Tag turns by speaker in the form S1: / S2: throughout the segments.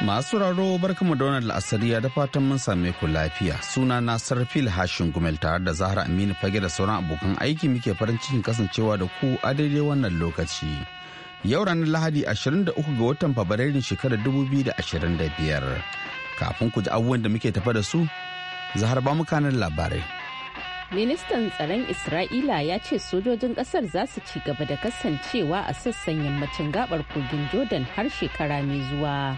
S1: Masu raro barkamu da wannan la'asariya da fatan mun same ku lafiya. Suna na Sarfil Hashin Gumel tare da Zahra Aminu Fage da sauran abokan aiki muke farin cikin kasancewa da ku a daidai wannan lokaci. Yau ranar Lahadi 23 ga watan Fabrairun shekarar 2025. Kafin ku ji abubuwan da muke tafa da su, Zahar ba mu labarai.
S2: Ministan tsaron Isra'ila ya ce sojojin kasar za su ci gaba da kasancewa a sassan yammacin gabar kogin Jordan har shekara mai zuwa.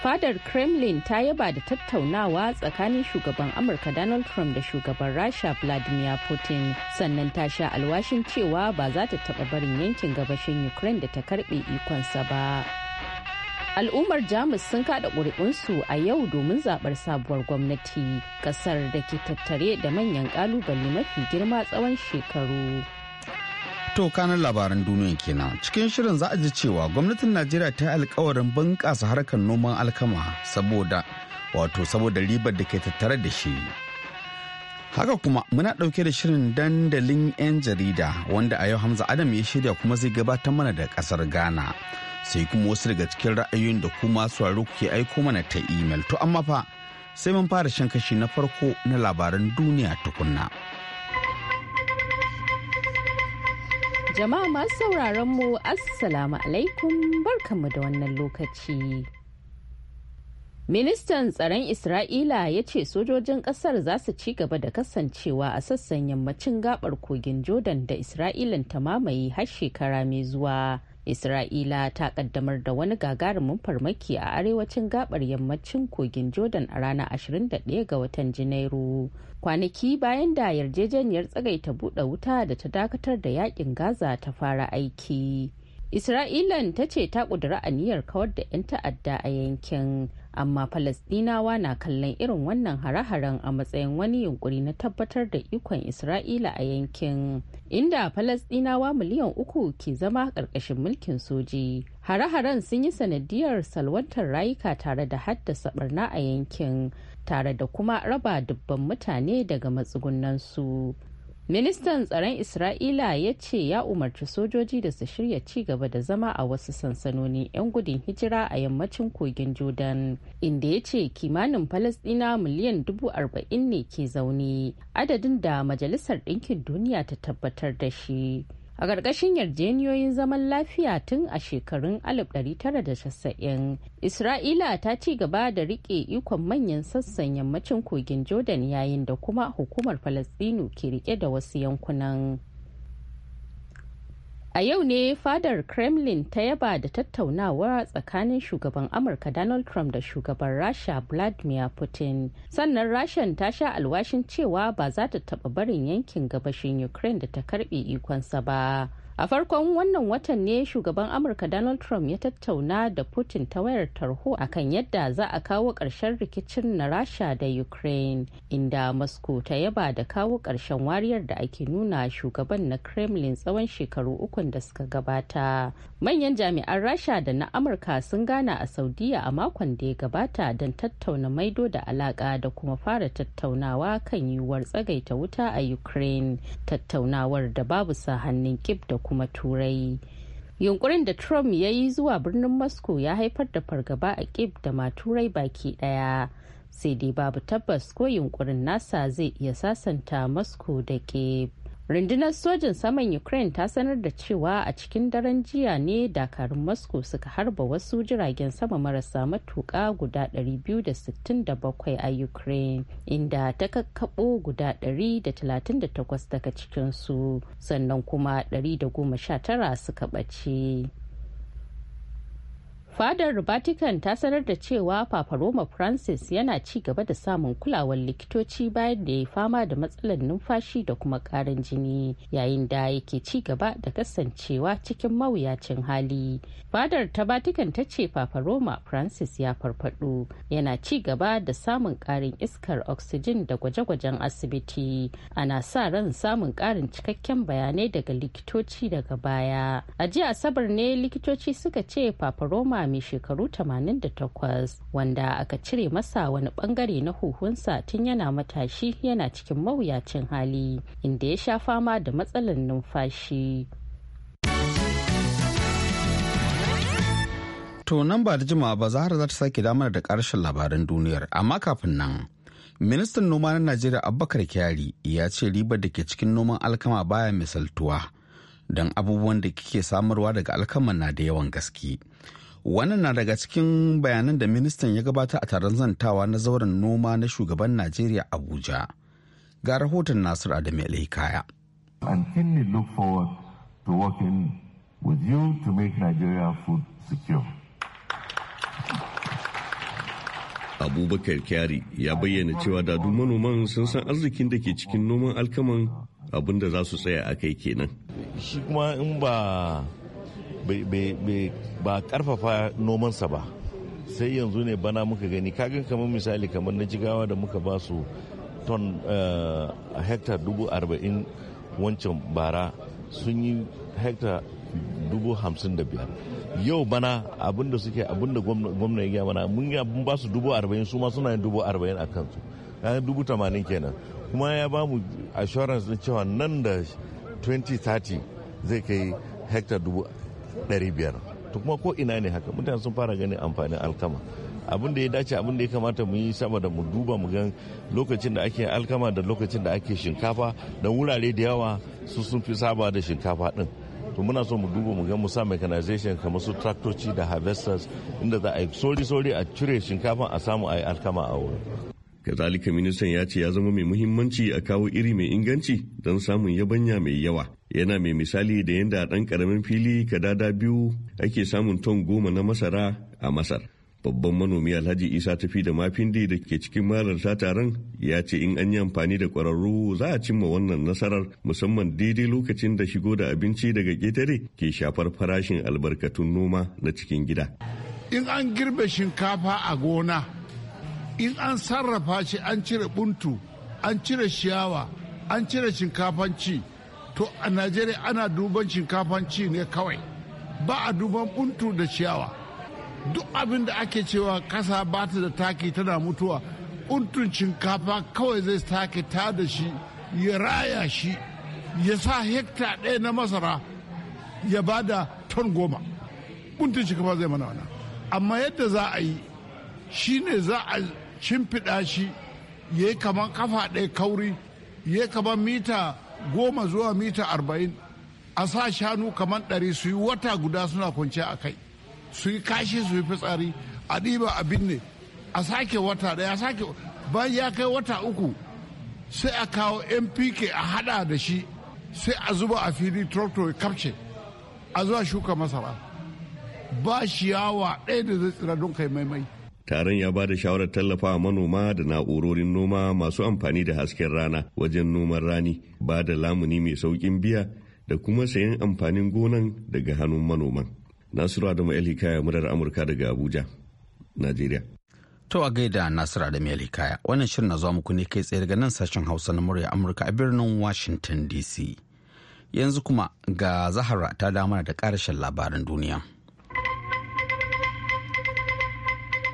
S2: fadar kremlin ta yaba da tattaunawa tsakanin shugaban amurka donald trump da shugaban rasha vladimir putin sannan ta sha alwashin cewa ba za ta taba barin yankin gabashin ukraine da ta karbe ikonsa ba al'ummar jamus sun kada ƙuri'unsu a yau domin zaɓar sabuwar gwamnati ƙasar da ke tattare da manyan ƙalubale mafi girma tsawon shekaru
S1: To kanan labaran duniya kenan cikin shirin za a ji cewa gwamnatin Najeriya ta yi alkawarin bunƙasa harkar noman alkama saboda wato saboda ribar da ke tattare da shi. Haka kuma muna ɗauke da shirin dandalin 'yan jarida wanda a yau Hamza Adam ya shirya kuma zai gabatar mana da ƙasar Ghana. Sai kuma wasu daga cikin ra'ayoyin da kuma ku kuke aiko mana ta imel. To amma fa sai mun fara shan kashi na farko na labaran duniya tukunna.
S2: Jama'a masu sauraron mu Assalamu alaikum barkanmu da wannan lokaci. Ministan tsaron Isra'ila ya ce sojojin kasar za su ci gaba da kasancewa a sassan yammacin gabar kogin Jordan da Isra'ilan ta mamaye har shekara mai zuwa. isra'ila ta kaddamar da wani gagarumin farmaki a arewacin gabar yammacin kogin jordan a ranar 21 ga watan janairu kwanaki bayan da yarjejeniyar tsagaita buɗe wuta da ta dakatar da yakin gaza ta fara aiki isra'ilan ta ce ta ƙudura aniyar kawar da 'yan ta'adda a yankin amma falasdinawa na kallon irin wannan hare-haren a matsayin wani yunkuri na tabbatar da ikon isra'ila a yankin inda falasdinawa miliyan uku ke zama ƙarƙashin mulkin soji hare-haren sun yi sanadiyar salwantar rayuka tare da haddasa barna a yankin tare da kuma raba dubban mutane daga matsugunansu ministan tsaron isra'ila ya ce ya umarci sojoji da su shirya ci gaba da zama a wasu sansanoni 'yan gudun hijira a yammacin kogin jordan inda ya ce kimanin falasdina miliyan dubu arba'in ne ke zaune adadin da majalisar ɗinkin duniya ta tabbatar da shi a ƙarƙashin yarjeniyoyin zaman lafiya tun a shekarun 1990 isra'ila ta ci gaba da riƙe ikon manyan sassan yammacin kogin jordan yayin da kuma hukumar falastinu ke riƙe da wasu yankunan A yau ne fadar Kremlin ta yaba da tattaunawa tsakanin shugaban Amurka Donald Trump da shugaban Rasha Vladimir Putin. Sannan Rashan ta sha alwashin cewa ba za ta taɓa barin yankin gabashin Ukraine da ta karbe ikonsa ba. a farkon wannan watan ne shugaban amurka donald trump ya tattauna da putin ta wayar tarho a kan yadda za a kawo ƙarshen rikicin na rasha da ukraine inda moscow ta yaba da kawo ƙarshen wariyar da ake nuna shugaban na kremlin tsawon shekaru ukun da suka gabata manyan jami'an rasha da na amurka sun gana a saudiya a makon da ya gabata don tattauna maido da alaƙa da kuma fara tattaunawa kan yiwuwar tsagaita wuta a ukraine tattaunawar da babu sa hannun kib da kuma turai yunkurin da trump ya yi zuwa birnin moscow ya haifar da fargaba a kib da ma turai baki daya sai dai babu tabbas ko yunkurin nasa zai iya sasanta moscow da kib rundunar sojin saman ukraine ta sanar da cewa a cikin daren jiya ne dakarun moscow suka harba wasu jiragen sama marasa matuka guda 267 a ukraine inda ta kakkabo guda 138 daga cikinsu sannan kuma 119 suka ɓace fadar vatican ta sanar da cewa papa roma francis yana ci gaba da samun kulawar likitoci bayan da ya fama da matsalar numfashi da kuma karin jini yayin da yake ci gaba da kasancewa cikin mawuyacin hali fadar ta vatican ta ce papa roma francis ya farfado yana ci gaba da samun karin iskar oxygen da gwaje-gwajen asibiti ana sa ran samun karin cikakken bayanai daga likitoci daga baya a jiya asabar ne likitoci suka ce papa roma mai shekaru 88 wanda aka cire masa wani bangare na huhunsa tun yana matashi yana cikin mawuyacin hali inda ya sha fama da matsalar numfashi.
S1: To nan ba da jimawa ba Zahra za ta sake damar da karshen labaran duniyar amma kafin nan. Ministan noma na Najeriya Abubakar Kyari ya ce ribar da ke cikin noman alkama baya misaltuwa don abubuwan da kike samarwa daga alkama na da yawan gaske. wannan na daga cikin bayanan da ministan ya gabata a taron zantawa na zauren noma na shugaban najeriya abuja ga rahoton nasir adamu kaya
S3: and abubakar kyari ya bayyana cewa dadu manoman sun san arzikin da ke cikin noman alkaman abinda za su tsaya a kai kenan shi kuma in ba ba karfafa nomansa ba sai yanzu ne bana muka gani kagan kamar misali kamar na jigawa da muka ba su ton eh, a hectare dubu arba'in wancan bara sun yi hectare dubu hamsin da biyar yau bana abinda suke abinda gwamna ya mana mun yi abin ba su dubu arba'in su ma suna yin dubu arba'in a kansu kayan dubu tamanin kenan kuma ya ba mu assurance na cewa nan da 2030 zai kai hectare dubu 500 to kuma ko ina ne haka mutane sun fara ganin amfanin alkama abin da ya dace abin da ya kamata mu yi sama da mu duba mu gan lokacin da ake alkama da lokacin da ake shinkafa don wurare da yawa su sun fi saba da shinkafa din to muna so mu duba mu gan mu sa mechanization kamar su traktoci da harvesters inda za a yi sori sori a cire shinkafa a samu a yi alkama a wurin kazalika ministan ya ce ya zama mai muhimmanci a kawo iri mai inganci don samun yabanya mai yawa yana mai misali da yadda a ɗan ƙaramin fili kadada biyu ake samun ton goma na masara a masar babban manomi alhaji isa tafi da mafindi da ke cikin malarta taron ya ce in an yi amfani da ƙwararru za a cimma wannan nasarar musamman daidai lokacin da shigo da abinci daga ƙetare ke shafar farashin albarkatun noma na cikin gida
S4: in an girbe shinkafa a gona in an sarrafa shi an cire buntu an cire shiyawa, an cire shinkafan ci to a najeriya ana duban shinkafan ci ne kawai ba a duban buntu da ciyawa duk abin da ake cewa kasa ba ta da taki tana mutuwa buntun shinkafa kawai zai take ta da shi ya raya shi ya sa hekta ɗaya na masara ya ba da ton goma buntun shinkafa zai mana wana amma yadda za a yi shi ne za a shimfiɗa shi ya yi kamar kafa ɗaya kauri ya yi kamar mita goma zuwa mita arba'in a sa shanu kamar ɗari su yi wata guda suna kwanciya a kai su yi kashi su yi fitsari a ɗiba abin ne a sake wata ɗaya sake bayan ya kai wata uku sai a kawo mpk a hada da shi sai a zuba a fili tractor ya kapce a zuwa shuka masara ba shi yawa ɗaya da zai tsira don kai maimai
S3: taron ya ba da shawarar tallafawa manoma da na'urorin noma masu amfani da hasken rana wajen noman rani ba da lamuni mai sauƙin biya da kuma sayan amfanin gonan daga hannun manoman nasiru adamu hikaya murar amurka daga abuja
S1: nigeria to a gaida nasiru adamu hikaya wannan shirin na zuwa muku ne kai tsaye daga nan sashen hausa na murya amurka a birnin washington dc yanzu kuma ga zahara ta damar da ƙarashin labaran duniya.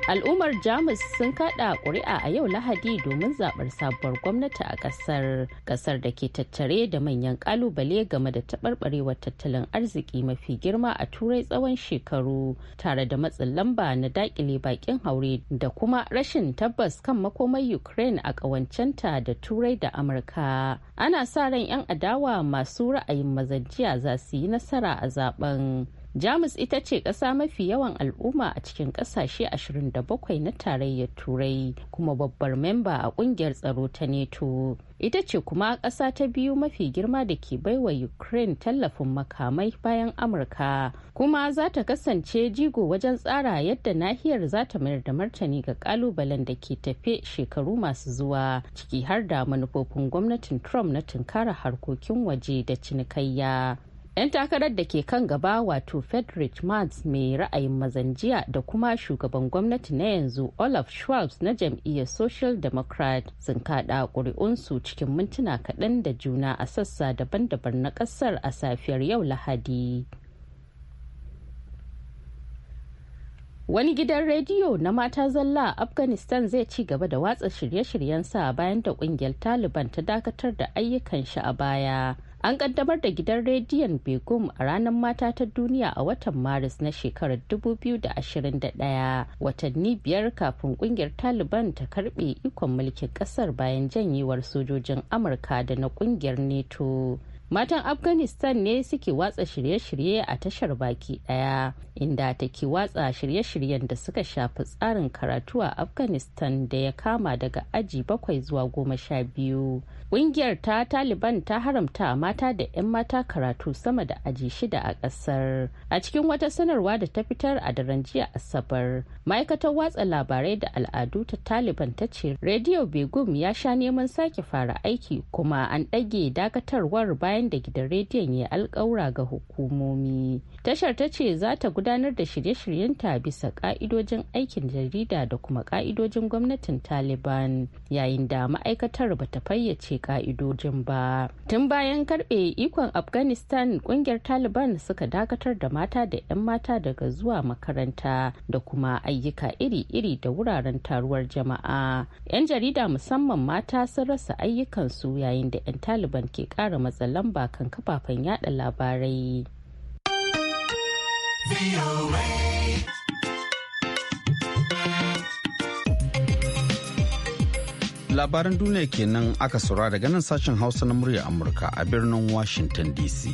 S2: al'ummar jamus sun kaɗa ƙuri'a a yau lahadi domin zaɓar sabuwar gwamnati a ƙasar. Ƙasar da ke tattare da manyan ƙalubale game da taɓarɓarewar tattalin arziki mafi girma a turai tsawon shekaru tare da matsin lamba na daƙile baƙin haure da kuma rashin tabbas kan makomar ukraine a ƙawancenta da turai da amurka ana sa ran 'yan adawa masu ra'ayin mazajiya za su yi nasara a zaben jamus ita ce ƙasa mafi yawan al'umma a cikin ƙasashe 27 na tarayyar turai kuma babbar memba a ƙungiyar tsaro ta neto ita ce kuma ƙasa ta biyu mafi girma da ke baiwa ukraine tallafin makamai bayan amurka kuma za ta kasance jigo wajen tsara yadda nahiyar za ta mayar da martani ga kalubalen da ke tafe shekaru masu zuwa ciki har da manufofin gwamnatin trump na tunkara harkokin waje da cinikayya 'yan takarar da ke kan gaba wato frederick marx mai ra'ayin mazanjiya da kuma shugaban gwamnati na yanzu olaf schwabs na jam'iyyar social democrat sun kada ƙuri'unsu cikin mintuna kaɗan da juna a sassa daban-daban na ƙasar a safiyar yau lahadi Wani gidan rediyo na mata zalla a Afghanistan zai ci gaba da watsa shirye-shiryen sa bayan da ƙungiyar Taliban ta dakatar da ayyukan shi a baya. An kaddamar da gidan rediyon Begum a ranar mata ta duniya a watan Maris na shekarar 2021 watanni biyar kafin kungiyar Taliban ta karbe ikon mulkin kasar bayan janyewar sojojin Amurka da na kungiyar NATO. matan afghanistan ne suke watsa shirye-shirye a tashar baki daya inda take watsa shirye-shiryen da suka shafi tsarin karatu a afghanistan da ya kama daga aji bakwai zuwa goma sha biyu ƙungiyar ta taliban ta haramta mata da 'yan mata karatu sama da aji shida a kasar. a cikin wata sanarwa da ta fitar a daren jiya asabar ma'aikatar watsa labarai da al'adu ta taliban ta ce rediyo begum ya sha neman sake fara aiki kuma an ɗage dakatarwar bayan bayan da gidan rediyon ya alkawura ga hukumomi tashar ta ce za ta gudanar da shirye shiryen ta bisa ka'idojin aikin jarida da kuma ka'idojin gwamnatin taliban yayin da ma'aikatar ba ta fayyace ka'idojin ba tun bayan karbe ikon afghanistan kungiyar taliban suka dakatar da mata da 'yan mata daga zuwa makaranta da kuma ayyuka iri-iri da wuraren taruwar jama'a 'yan jarida musamman mata sun rasa ayyukansu yayin da 'yan taliban ke kara matsalan lamba kan kafafen yada labarai. Labaran
S1: duniya kenan aka saura daga nan sashen Hausa na murya Amurka a birnin Washington DC.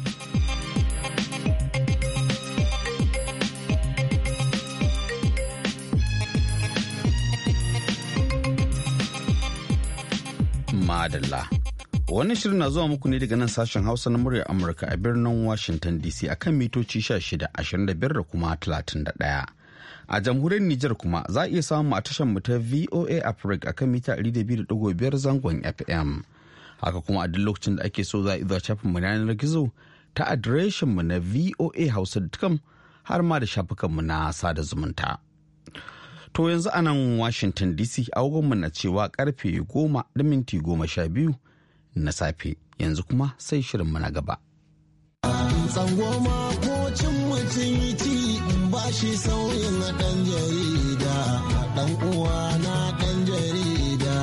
S1: Madalla. Wani shirin na zuwa muku ne daga nan sashen Hausa na muryar Amurka a birnin Washington DC akan mitoci 16, 25 da kuma 31. A jamhuriyar Nijar kuma za a iya samun a tashar mu ta VOA Africa akan mita 200.5 zangon FM. Haka kuma a duk lokacin da ake so za a iya shafin mu yanar gizo ta adireshin mu na voahausa.com har ma da shafukan mu na sada zumunta. To yanzu a nan Washington DC a mu na cewa karfe goma da minti 12 na safe yanzu kuma sai shirin mana gaba.
S5: Tsango makocin mutum ci ba shi sauyin ɗan jarida, ɗan uwa ɗan jarida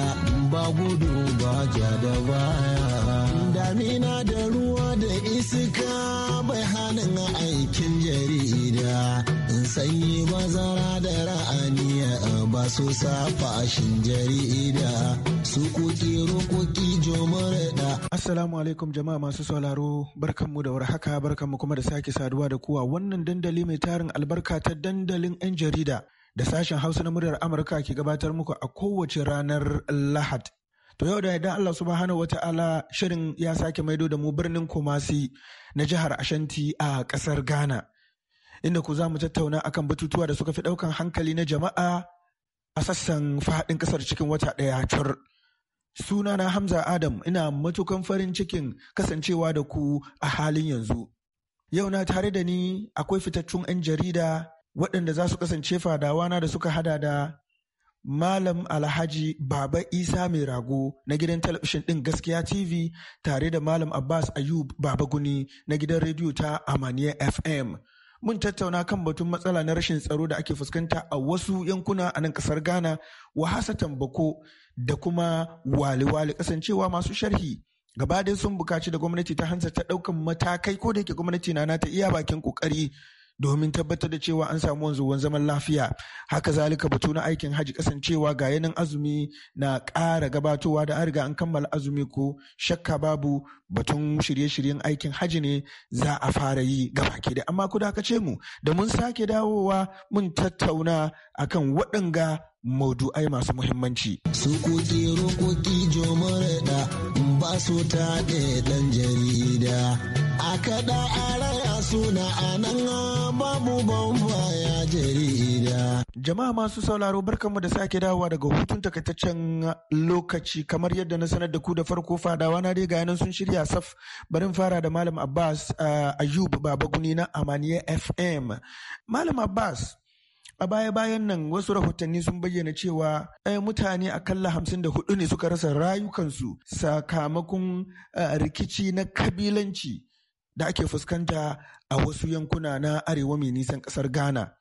S5: ba gudu ba ja da baya. Damina da ruwa da iska bai hannun aikin jarida. sanyi bazara da ra'aniya ba su safa shin jarida su kuki rokoki jomurda. Assalamu alaikum jama'a masu sauraro barkanmu da warhaka barkanmu kuma da sake saduwa da kuwa wannan dandali mai tarin albarka ta dandalin 'yan jarida da sashen hausa na muryar Amurka ke gabatar muku a kowace ranar Lahad. To yau da idan Allah subhanahu wa ta'ala shirin ya sake maido da mu birnin Kumasi na jihar Ashanti a ƙasar Ghana. inda ku za mu tattauna akan batutuwa da suka fi ɗaukan hankali na jama'a a sassan fadin kasar cikin wata ɗaya cur. Sunana Hamza Adam ina matukan farin cikin kasancewa da ku a halin yanzu. Yau na tare da ni akwai fitattun 'yan jarida waɗanda za su kasance fadawana da suka hada da Malam Alhaji Baba Isa Mai Rago na gidan talabishin ɗin Gaskiya TV tare da Malam Abbas Ayub guni na gidan rediyo ta Amaniya FM. mun tattauna kan batun matsala na rashin tsaro da ake fuskanta a wasu yankuna a nan kasar ghana wahasa tambako da kuma wale-wale kasancewa masu sharhi gaba dai sun bukaci da gwamnati ta hansa ta ɗaukan matakai ko da yake gwamnati na nata iya bakin kokari domin tabbatar da cewa an samu wanzuwan zaman lafiya haka zalika batu na aikin hajji, kasancewa ga yanin azumi na ƙara gabatowa da an riga an kammala azumi ko shakka babu batun shirye-shiryen aikin hajji ne za a fara yi gaba ke da amma ku dakace mu da mun sake dawowa mun tattauna akan waɗanga maudu'ai masu muhimmanci. Sukuti rokoki jomar da ba su taɗe ɗan jarida a kaɗa a raya suna a nan babu bambaya jarida jama'a masu sauraro barkanmu da sake dawowa daga hutun takaitaccen lokaci kamar yadda na sanar da ku da farko fadawa na dai gayanan sun shirya saf barin fara da malam abbas eh, ayub Babagunina na amaniya fm malam abbas a baya-bayan nan wasu rahotanni sun bayyana cewa ɗaya eh, mutane akalla hamsin da hudu ne suka rasa rayukansu sakamakon eh, rikici na kabilanci da ake fuskanta a wasu yankuna na arewa mai nisan ƙasar ghana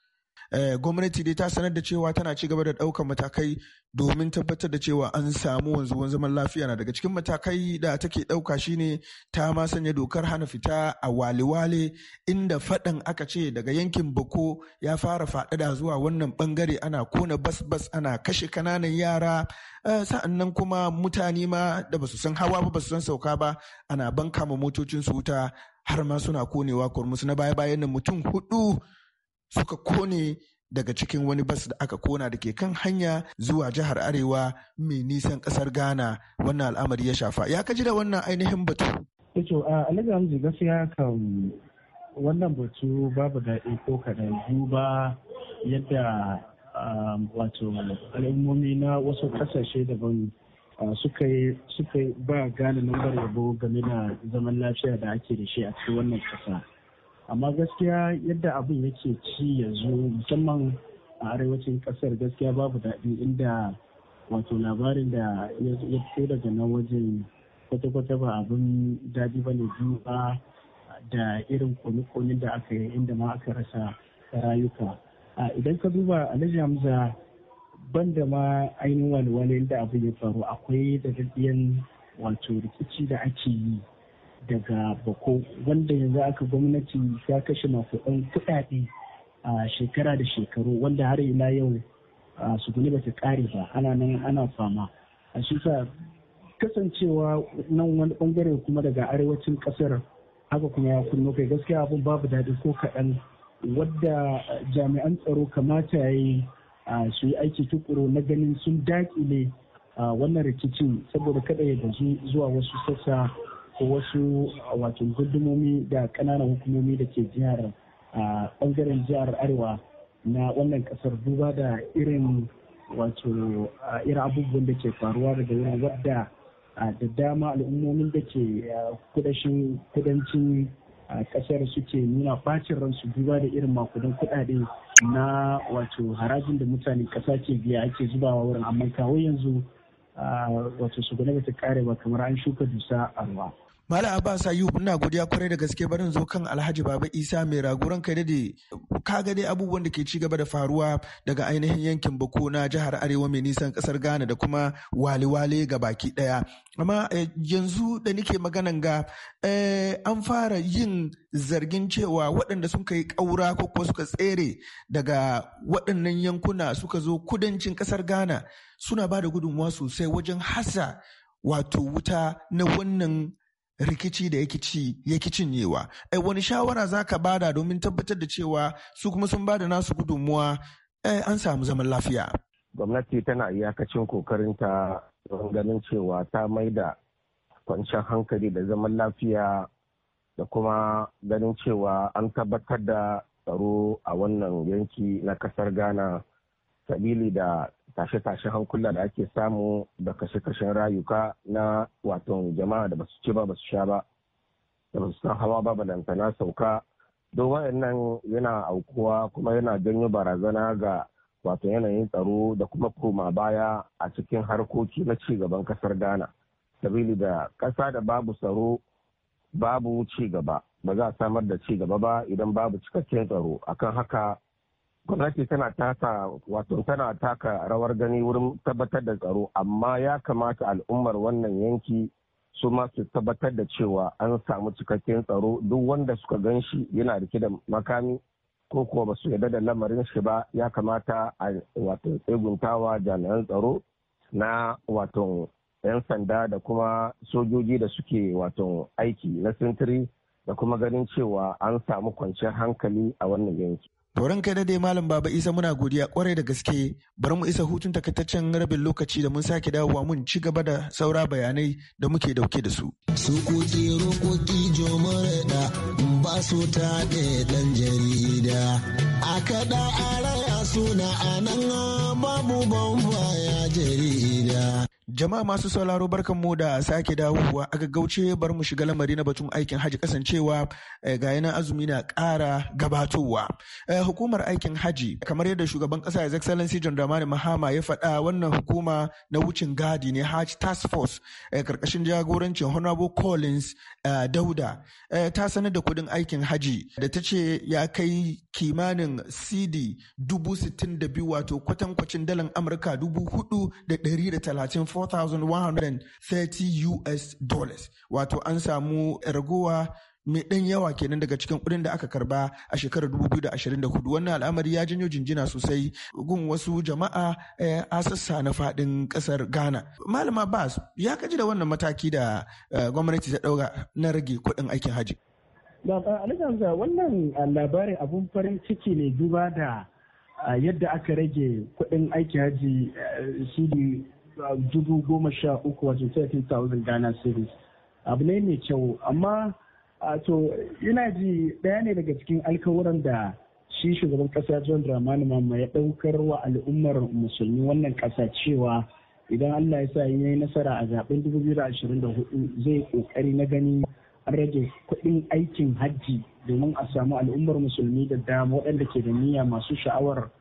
S5: Eh, gwamnati dai ta sanar da cewa tana ci gaba da ɗaukar matakai domin tabbatar da cewa an samu wanzuwan zaman lafiya na daga cikin matakai da take ɗauka shine ta ma sanya dokar hana fita a wale-wale inda faɗan aka ce daga yankin bako ya fara faɗaɗa zuwa wannan ɓangare ana kona bas-bas ana kashe kananan yara eh, sa'an nan kuma mutane ma da basu san hawa ba basu san sauka ba ana banka ma motocin su wuta har ma suna konewa kurmus na baya-bayan nan mutum hudu suka kone daga cikin wani bas da aka kona da ke kan hanya zuwa jihar arewa mai nisan kasar ghana wannan al'amari ya shafa ya kaji da wannan ainihin batu
S6: ito eh a alhaji gaskiya kan wannan batu babu daɗi ko kaɗan duba yadda um, wato al'ummomi na wasu kasashe daban suka yi ba gane lambar yabo game da zaman lafiya da ake da shi a cikin wannan ƙasa. amma gaskiya yadda abin yake ci yanzu musamman a arewacin kasar gaskiya babu daɗi inda wato labarin da ya fito daga nan wajen kwata-kwata ba abin daɗi ba ne duba da irin kone-kone da aka yi inda ma aka rasa rayuka idan ka duba alhaji hamza banda ma ainihin wani inda abin ya faru akwai da wato rikici da ake yi daga bako wanda yanzu aka gwamnati ya kashe ɗan kuɗaɗe a shekara da shekaru wanda har ila yau suguni ba ta ƙare ba ana nan ana fama a shi sa kasancewa nan wani ɓangare kuma daga arewacin ƙasar haka kuma ya kunno kai gaskiya abin babu daɗi ko kaɗan wadda jami'an tsaro kamata ya yi su yi aiki tukuru na ganin sun daƙile wannan rikicin saboda kada ya bazu zuwa wasu sassa ko wasu wato da ƙananan hukumomi da ke jihar a ɓangaren jihar arewa na wannan ƙasar duba da irin wato irin abubuwan da ke faruwa daga wurin wadda da dama al'ummomin da ke kudancin ƙasar suke nuna bacin ransu duba da irin makudan kudade na wato harajin da mutane kasa ke biya ake zubawa wurin amma kawo yanzu wato su gane bata kare ba kamar an shuka dusa a ruwa Malam Abbas Ayub ina godiya kwarai da gaske barin zo
S5: kan Alhaji Baba Isa mai raguran kai dade ga dai abubuwan da ke ci gaba da faruwa daga ainihin yankin Bako na jihar Arewa mai nisan kasar Ghana da kuma wale-wale ga baki daya. Amma eh, yanzu da nike maganan ga eh, an fara yin zargin cewa waɗanda sun kai ƙaura ko kuma suka tsere daga waɗannan yankuna suka zo kudancin kasar Ghana suna ba da gudunmuwa sosai wajen hasa wato wuta na wannan rikici da yake ci cinyewa eh wani shawara zaka bada domin tabbatar da cewa su kuma sun bada nasu gudunmuwa eh,
S7: an samu zaman lafiya gwamnati tana iyakacin kokarinta don ganin cewa ta maida kwanciyar hankali da zaman lafiya da kuma ganin cewa an tabbatar da tsaro a wannan yanki na kasar ghana sabili da tashe-tashe hankula da ake samu da kashe-kashen rayuka na wato jama'a da basu ci ba basu sha ba da basu san hawa ba balantana sauka don wayannan yana aukuwa kuma yana janyo barazana ga wato yanayin tsaro da kuma koma baya a cikin harkoki na cigaban gaban kasar ghana sabili da ƙasa da babu tsaro babu cigaba gaba ba za a samar da ci gaba ba idan babu cikakken tsaro akan haka gwamnati tana taka wato tana taka rawar gani wurin tabbatar da tsaro amma ya kamata al'ummar wannan yanki su ma su tabbatar da cewa an samu cikakken tsaro duk wanda suka gan shi yana rike da makami ko kuwa ba su yarda da lamarin shi ba ya kamata a wato tseguntawa jami'an tsaro na wato 'yan sanda da kuma sojoji da suke wato aiki na sintiri da kuma ganin cewa an samu kwanciyar hankali a wannan yanki.
S5: To da dade malam baba Isa muna godiya kwarai da gaske bari mu isa hutun takaitaccen rabin lokaci da mun sake dawowa mun ci gaba da saura bayanai da muke dauke da su. Su koki rokoki da ba su ta ɗan jarida. A kaɗa a raya suna a nan babu ban baya jarida. Jama'a masu sauraro barkan mu da sake dawowa a gaggauce bar mu shiga lamari na batun aikin haji kasancewa eh, ga yanar azumi na ƙara gabatowa. Eh, hukumar aikin haji kamar yadda shugaban ƙasa His Excellency John Dramani Mahama ya faɗa wannan hukuma na wucin gadi ne Hajj Task Force karkashin eh, jagorancin Honorable Collins Dauda ta sanar da kuɗin aikin haji da ta ce ya kai kimanin CD dubu sittin da biyu wato kwatankwacin dalar Amurka dubu hudu da ɗari da talatin 4,130 US dollars. Wato an samu ragowa mai ɗan yawa kenan daga cikin kuɗin da aka karba a shekarar 2024 wannan al'amari ya janyo jinjina sosai gun wasu jama'a eh, a sassa na faɗin ƙasar ghana malama bas ya kaji da wannan mataki da eh, gwamnati ta ɗauka na rage kuɗin aikin haji
S6: wannan labarin abun farin ciki ne duba da yadda aka rage kuɗin aikin haji eh, shi dubu goma sha uku abu ne mai kyau amma to ina ji ɗaya ne daga cikin alkawuran da shi shugaban kasa John Dramani Mama ya ɗaukar wa al'ummar musulmi wannan ƙasa cewa idan Allah ya sa yi nasara a zaben 2024 zai kokari na gani an rage kuɗin aikin hajji domin a samu al'ummar musulmi da dama waɗanda ke da niyya masu sha'awar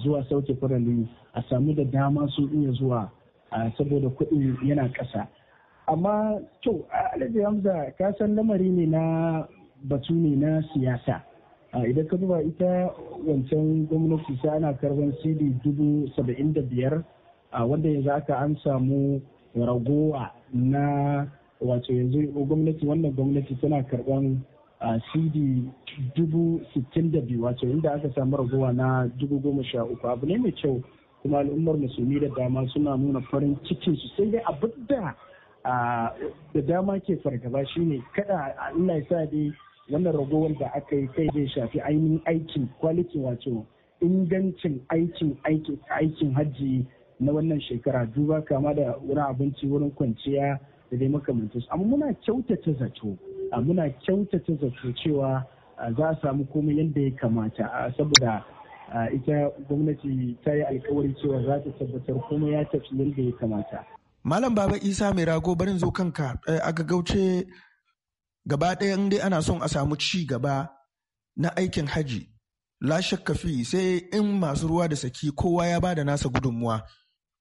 S6: zuwa sauke farali a samu da dama su iya zuwa saboda kuɗin yana ƙasa amma to alhaji hamza ka san lamari ne na batu ne na siyasa idan ka zuba ita wancan gwamnati sai ana karban cd dubu saba'in da biyar wanda yanzu aka an samu ragowa na wato yanzu gwamnati wannan gwamnati tana karban cd dubu sittin da biyu wato inda aka samu ragowa na dubu goma sha uku abu ne mai kyau kuma al'ummar musulmi da dama suna nuna farin cikin su sai dai abin da da dama ke fargaba shine kada Allah ya sa dai wannan ragowar da aka yi kai zai shafi ainihin aikin kwaliki wato ingancin aikin aikin hajji na wannan shekara duba kama da wurin abinci wurin kwanciya da dai makamantansu amma muna kyautata zato muna kyautata zato cewa za a samu komai yadda ya kamata saboda ita gwamnati ta yi alkawari cewa za ta tabbatar kuma ya tafi yadda ya kamata. Malam Baba Isa mai
S5: rago barin zo kanka eh, a gauce gaba ɗaya dai ana son a samu ci gaba na aikin haji la shakka sai in masu ruwa da saki kowa ya ba da nasa gudunmuwa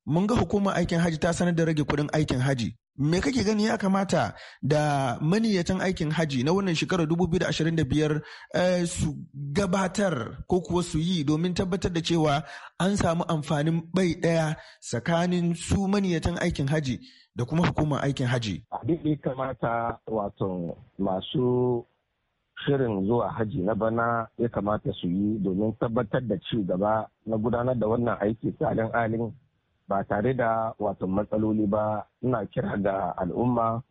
S5: mun ga hukumar aikin haji ta sanar da rage kuɗin aikin haji me kake gani ya kamata da maniyatan aikin haji na wannan shekarar biyar eh, su gabatar ko kuwa su yi domin tabbatar da cewa an samu amfanin bai ɗaya tsakanin su maniyatan aikin haji da kuma hukumar aikin haji
S7: abin da ya kamata wato masu shirin zuwa haji na bana ya kamata su yi domin tabbatar da ci gaba na gudanar da wannan aiki tsarin alin ba tare da wato matsaloli ba ina kira ga al'umma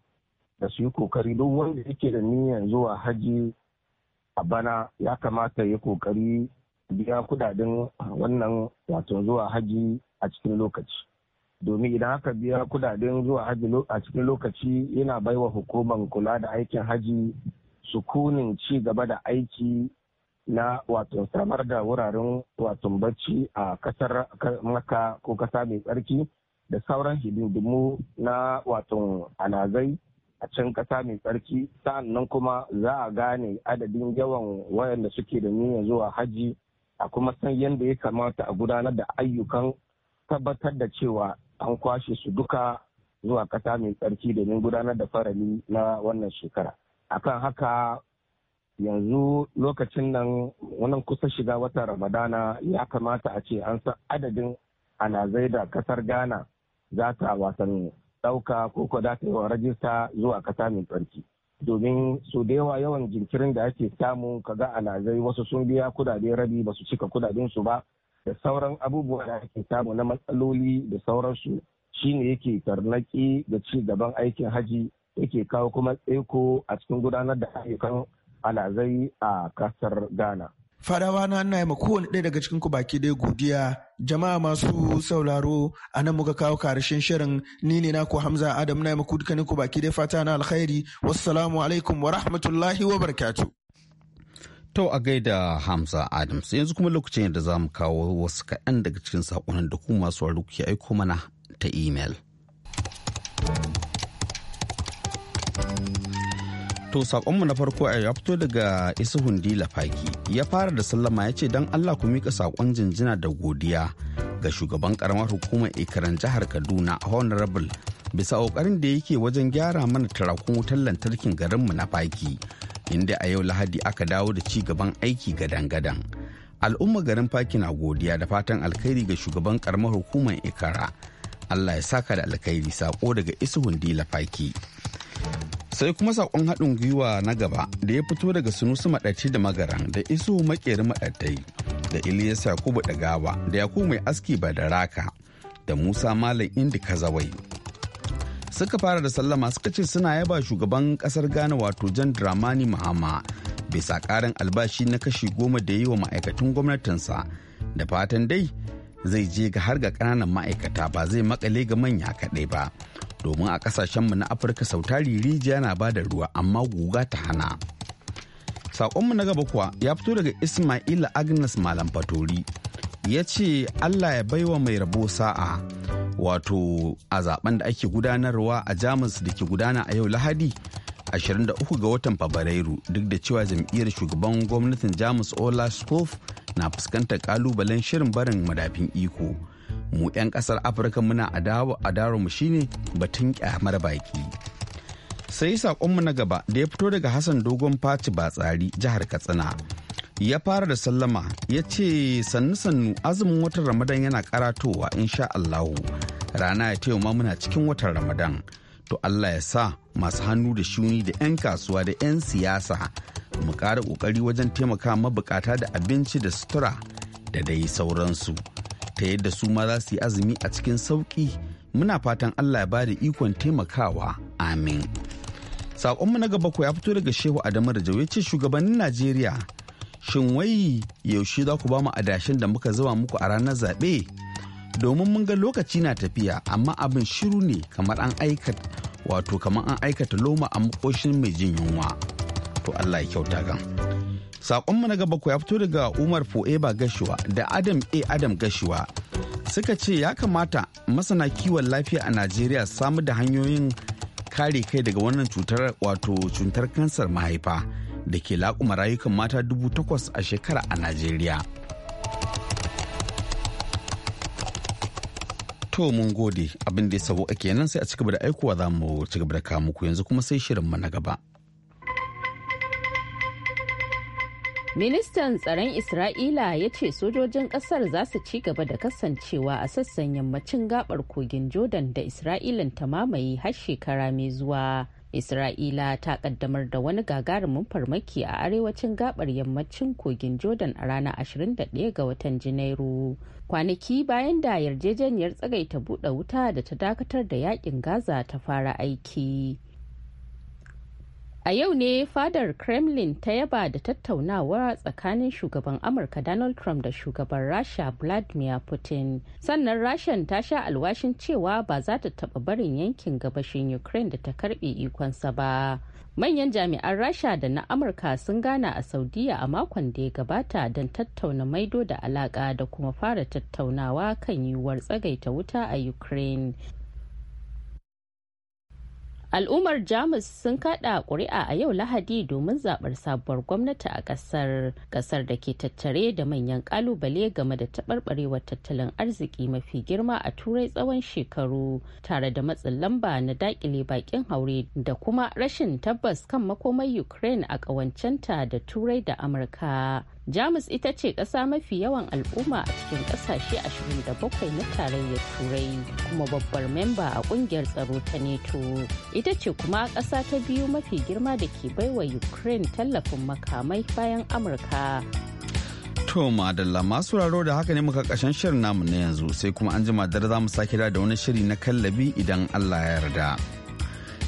S7: da su yi kokari duk wanda yake da niyyar zuwa haji a bana ya kamata ya kokari biya kudaden wannan wato zuwa haji a cikin lokaci domin idan haka biya kudaden zuwa haji a cikin lokaci yana baiwa hukumar kula da aikin haji sukunin ci gaba da aiki na wato samar da wuraren wato bacci a kasar maka ko kasa mai tsarki da sauran hidindimu na wato anazai a can kasa mai tsarki sa'annan kuma za a gane adadin yawan wayanda suke da niyyar zuwa hajji a kuma san yadda ya kamata a gudanar da ayyukan tabbatar da cewa an kwashe su duka zuwa kasa mai tsarki domin gudanar da farali na wannan shekara akan haka yanzu lokacin nan wannan kusa shiga wata ramadana ya kamata a ce an san adadin alazai da kasar ghana za ta wasan ɗauka ko ko za ta yi wa rajista zuwa kasa mai tsarki domin su da yawa yawan jinkirin da ake samu kaga alazai wasu sun biya kudade rabi ba su cika kudaden ba da sauran abubuwa da ake samu na matsaloli da sauransu shine yake tarnaki da ci gaban aikin haji yake kawo kuma tseko a cikin gudanar da ayyukan alazai a kasar ghana
S5: fadawa na ana yi ma kowane ɗaya daga cikin ku baki ɗaya godiya jama'a masu sauraro a nan muka kawo karshen shirin ni ne naku hamza adam na yi maku dukkanin ku baki ɗaya fata na alkhairi wassalamu alaikum wa rahmatullahi wa barakatu
S1: To a gaida Hamza Adams yanzu kuma lokacin da za mu kawo wasu kaɗan daga cikin saƙonan da kuma masu aiko mana ta imel. To saƙonmu na farko a ya fito daga Isuhun hundi Faki. Ya fara da sallama ya ce don Allah ku mika sakon jinjina da godiya ga shugaban karamar hukumar Ikaran jihar Kaduna Honorable bisa ƙoƙarin da yake wajen gyara mana tarakun wutar lantarkin garinmu na Faki. Inda a yau Lahadi aka dawo da ci gaban aiki gadan-gadan. Al'umma garin Faki na godiya da fatan alkhairi ga shugaban karamar hukumar Ikara. Allah ya saka da alkhairi sako daga Isuhun hundi Faki. sai kuma sakon haɗin gwiwa na gaba da ya fito daga sunusu maɗaci da magaran da iso makeri maɗatai da ilyas yakubu da gawa da yakubu mai aski ba da raka da musa malam indi kazawai suka fara da sallama suka ce suna yaba shugaban kasar ghana wato jan dramani mahama bisa ƙarin albashi na kashi goma da yi wa ma'aikatan gwamnatinsa da fatan dai zai je ga har ga ƙananan ma'aikata ba zai makale ga manya kaɗai ba domin a kasashenmu na afirka sautari rijiya na ba da ruwa amma guga ta hana saƙonmu na gaba kuwa ya fito daga ismaila agnes malam fatori ya ce allah ya baiwa mai rabo sa'a wato a zaben da ake gudanarwa a jamus da ke gudana a yau lahadi 23 ga watan fabrairu duk da cewa jam'iyyar shugaban gwamnatin jamus olaf na fuskantar kalubalen shirin barin madafin iko mu 'yan kasar afirka muna a adawa mu shine batun kyamar baki sai saƙonmu na gaba da ya fito daga hassan dogon faci batsari jihar katsina ya fara da sallama ya ce sannu sannu azumin watan ramadan yana karatowa insha allahu rana ya taimama muna cikin watan ramadan to allah ya sa masu hannu da shuni da 'yan kasuwa da 'yan siyasa mu kara ƙoƙari wajen taimaka mabukata da abinci da sutura da dai sauransu ta yadda su ma za su yi azumi a cikin sauƙi muna fatan allah ya bada ikon taimakawa amin saƙonmu na gaba ya fito daga shehu adamu da ya ce shugabannin najeriya shin wai yaushe za ku ba mu adashin da muka zuba muku a ranar zaɓe domin mun ga lokaci na tafiya amma abin shiru ne kamar an aikata wato kamar an aikata loma a makoshin mai jin yunwa to allah ya kyauta gan Sakonmu na gaba ku ya fito daga Umar Fo'eba Gashuwa da Adam A. Adam Gashuwa. Suka ce ya kamata masana kiwon lafiya a Najeriya samu da hanyoyin kare kai daga wannan cutar wato cutar kansar mahaifa da ke laƙuma rayukan mata dubu takwas a shekara a Najeriya. To mun gode abin da ya sabo kenan sai a cigaba da aikowa za mu cigaba da kamuku yanzu kuma sai shirin mu na gaba.
S2: Ministan tsaron Isra'ila ya ce sojojin kasar za su ci gaba da kasancewa a sassan yammacin gabar kogin Jordan da Isra'ilan ta mamaye har shekara mai zuwa. Isra'ila ta kaddamar da wani gagarumin farmaki a arewacin gabar yammacin kogin Jordan a ranar 21 ga watan Janairu. Kwanaki bayan da yarjejeniyar tsagaita buɗe wuta da ta dakatar da yakin Gaza ta fara aiki. A yau ne fadar Kremlin ta yaba da tattaunawa tsakanin shugaban Amurka Donald Trump da shugaban Rasha Vladimir Putin. Sannan Rashan ta sha alwashin cewa ba za ta taɓa barin yankin gabashin Ukraine da ta karɓe ikonsa ba. Manyan jami'an Rasha da na Amurka sun gana a Saudiya a makon da ya gabata don tattauna maido da alaƙa da kuma fara tattaunawa kan yiwuwar tsagaita wuta a Ukraine. al'ummar jamus sun kada ƙuri'a a yau lahadi domin zaɓar sabuwar gwamnati a ƙasar ƙasar da ke tattare da manyan ƙalubale game da taɓarɓarewar tattalin arziki mafi girma a turai tsawon shekaru tare da matsin lamba na daƙile baƙin haure da kuma rashin tabbas kan makomar ukraine a ƙawancenta da turai da amurka jamus ita ce ƙasa mafi yawan al'umma a cikin ƙasashe 27 na tarayyar turai kuma babbar memba a ƙungiyar tsaro ta neto ita ce kuma ƙasa ta biyu mafi girma da ke baiwa ukraine tallafin makamai bayan amurka
S1: To madalla masu raro da haka ne muka kashen shirin namu na yanzu sai kuma an jima dare za mu sake da wani shiri na kallabi idan Allah ya yarda.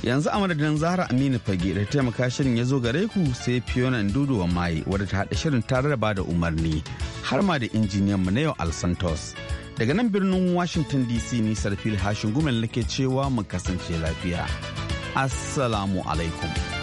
S1: yanzu a madadin zahra aminu fage da taimaka shirin ya zo gare ku sai fiona dudu wa maye wadda ta haɗa shirin tare da umarni har ma da injiniyan mu na yau al santos daga nan birnin washington dc ni sarfil hashin gumen lake cewa mu kasance lafiya assalamu alaikum